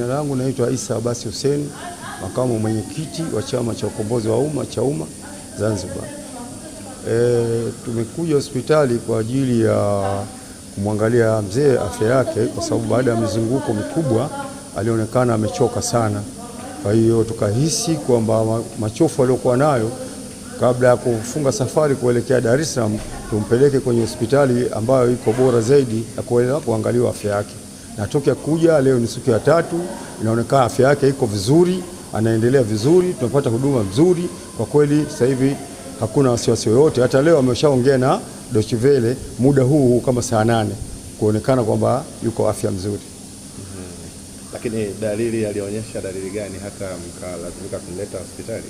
Jina langu naitwa Isa Abasi Hussein, makamu mwenyekiti wa chama cha ukombozi wa umma cha umma Zanzibar. E, tumekuja hospitali kwa ajili ya kumwangalia mzee afya yake, kwa sababu baada ya mizunguko mikubwa alionekana amechoka sana. Kwa hiyo tukahisi kwamba machofu aliyokuwa nayo kabla ya kufunga safari kuelekea Dar es Salaam tumpeleke kwenye hospitali ambayo iko bora zaidi ya kuelewa kuangaliwa afya yake na toka kuja leo ni siku ya tatu, inaonekana afya yake iko vizuri, anaendelea vizuri, tunapata huduma nzuri kwa kweli. Sasa hivi hakuna wasiwasi yoyote. Hata leo ameshaongea na dochivele muda huu huu kama saa nane kuonekana kwamba yuko afya mzuri. -hmm. Lakini dalili alionyesha dalili gani hata mkalazimika kumleta hospitali?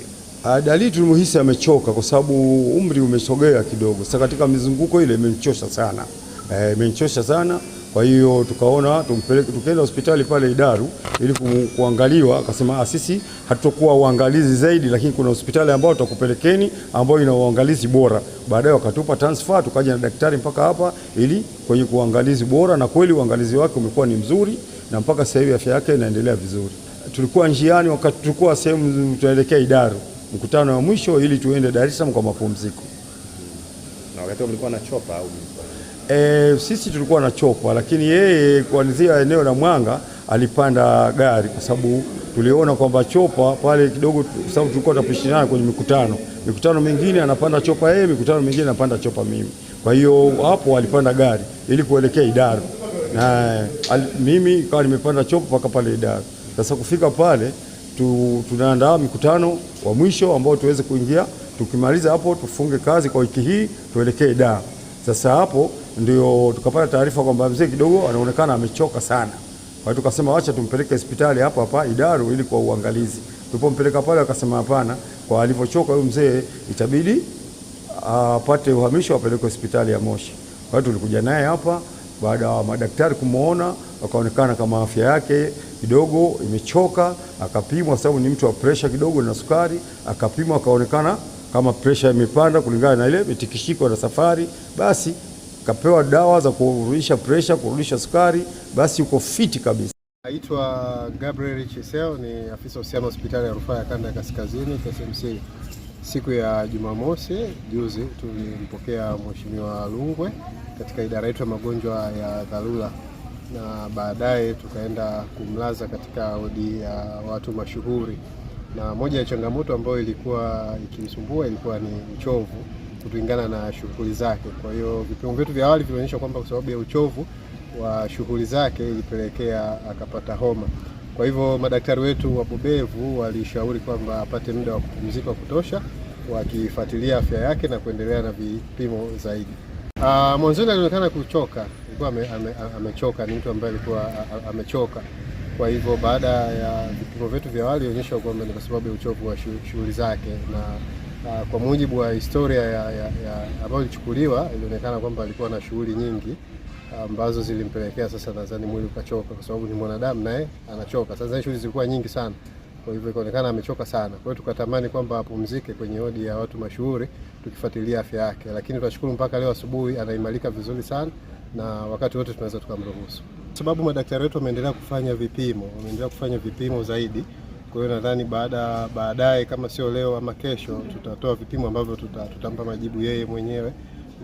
Ah, dalili tulimuhisi amechoka, kwa sababu umri umesogea kidogo. Sasa katika mizunguko ile imemchosha sana, eh, imemchosha e, sana kwa hiyo tukaona tumpeleke, tukaenda hospitali pale Idaru ili kuangaliwa, akasema ah, sisi hatutokuwa uangalizi zaidi, lakini kuna hospitali ambayo tutakupelekeni ambayo ina uangalizi bora. Baadaye wakatupa transfer, tukaja na daktari mpaka hapa ili kwenye uangalizi bora, na kweli uangalizi wake umekuwa ni mzuri, na mpaka sasa hivi afya yake inaendelea vizuri. Tulikuwa njiani, wakati tulikuwa sehemu tunaelekea Idaru, mkutano wa mwisho ili tuende Dar es Salaam kwa mapumziko. Na wakati mlikuwa na chopa au? E, sisi tulikuwa na chopa, lakini yeye kuanzia eneo la Mwanga alipanda gari kwa sababu tuliona kwamba chopa pale kidogo, sababu tulikuwa tunapishana kwenye mikutano, mikutano mingine anapanda chopa yeye, mikutano mingine anapanda chopa mimi. Kwa hiyo hapo alipanda gari ili kuelekea idara na al, mimi kawa nimepanda chopa mpaka pale idara Sasa kufika pale tu, tunaandaa mikutano wa mwisho ambao tuweze kuingia tukimaliza hapo tufunge kazi kwa wiki hii tuelekee da Sasa hapo ndio tukapata taarifa kwamba mzee kidogo anaonekana amechoka sana. Kwa hiyo tukasema wacha tumpeleke hospitali hapa hapa Idaru ili kwa uangalizi. Tulipompeleka pale akasema hapana, kwa alivyochoka huyu mzee itabidi apate uhamisho apeleke hospitali ya Moshi. Kwa hiyo tulikuja naye hapa baada ya madaktari kumwona akaonekana kama afya yake kidogo imechoka, akapimwa sababu ni mtu wa presha kidogo na sukari, akapimwa akaonekana kama presha imepanda kulingana na ile mitikishiko na safari, basi kapewa dawa za kurudisha presha, kurudisha sukari, basi uko fiti kabisa. Naitwa Gabriel Cheseo, ni afisa uhusiano hospitali ya rufaa ya kanda ya kaskazini KCMC. Siku ya Jumamosi juzi tulimpokea Mheshimiwa Lungwe katika idara yetu ya magonjwa ya dharura na baadaye tukaenda kumlaza katika wodi ya watu mashuhuri na moja ya changamoto ambayo ilikuwa ikimsumbua ilikuwa ni uchovu kulingana na shughuli zake. Kwa hiyo vipimo vyetu vya awali vilionyesha kwamba kwa sababu ya uchovu wa shughuli zake ilipelekea akapata homa. Kwa hivyo madaktari wetu wabobevu walishauri kwamba apate muda wa kupumzika kutosha, wakifuatilia afya yake na kuendelea na vipimo zaidi. Ah, mwanzoni alionekana kuchoka, alikuwa amechoka, ame, ame ni mtu ambaye alikuwa amechoka kwa hivyo baada ya vipimo vyetu vya awali ionyesha kwamba ni kwa sababu ya uchovu wa shughuli zake, na a, ah, kwa mujibu wa historia ya, ya, ya ambayo ilichukuliwa ilionekana kwamba alikuwa na shughuli nyingi ambazo zilimpelekea sasa, nadhani mwili ukachoka, kwa sababu ni mwanadamu naye anachoka. Sasa shughuli zilikuwa nyingi sana, kwa hivyo ikaonekana amechoka sana. Kwa hiyo tukatamani kwamba apumzike kwenye odi ya watu mashuhuri, tukifuatilia afya yake, lakini tunashukuru mpaka leo asubuhi anaimarika vizuri sana, na wakati wote tunaweza tukamruhusu sababu madaktari wetu wameendelea kufanya vipimo, wameendelea kufanya vipimo zaidi. Kwa hiyo nadhani baada baadaye, kama sio leo ama kesho, tutatoa vipimo ambavyo tuta, tutampa majibu yeye mwenyewe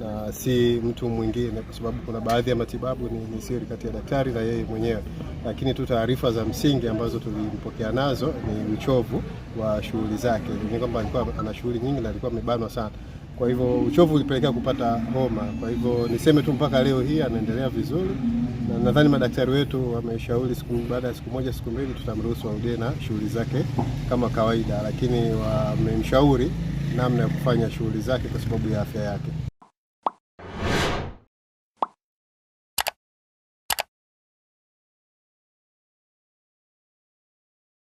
na si mtu mwingine, kwa sababu kuna baadhi ya matibabu ni, ni siri kati ya daktari na yeye mwenyewe. Lakini tu taarifa za msingi ambazo tulimpokea nazo ni uchovu wa shughuli zake, ni kwamba alikuwa ana shughuli nyingi na alikuwa amebanwa sana. Kwa hivyo uchovu ulipelekea kupata homa. Kwa hivyo niseme tu mpaka leo hii anaendelea vizuri, na nadhani madaktari wetu wameshauri siku baada ya siku moja siku mbili tutamruhusu arudie na shughuli zake kama kawaida, lakini wamemshauri namna ya kufanya shughuli zake kwa sababu ya afya yake.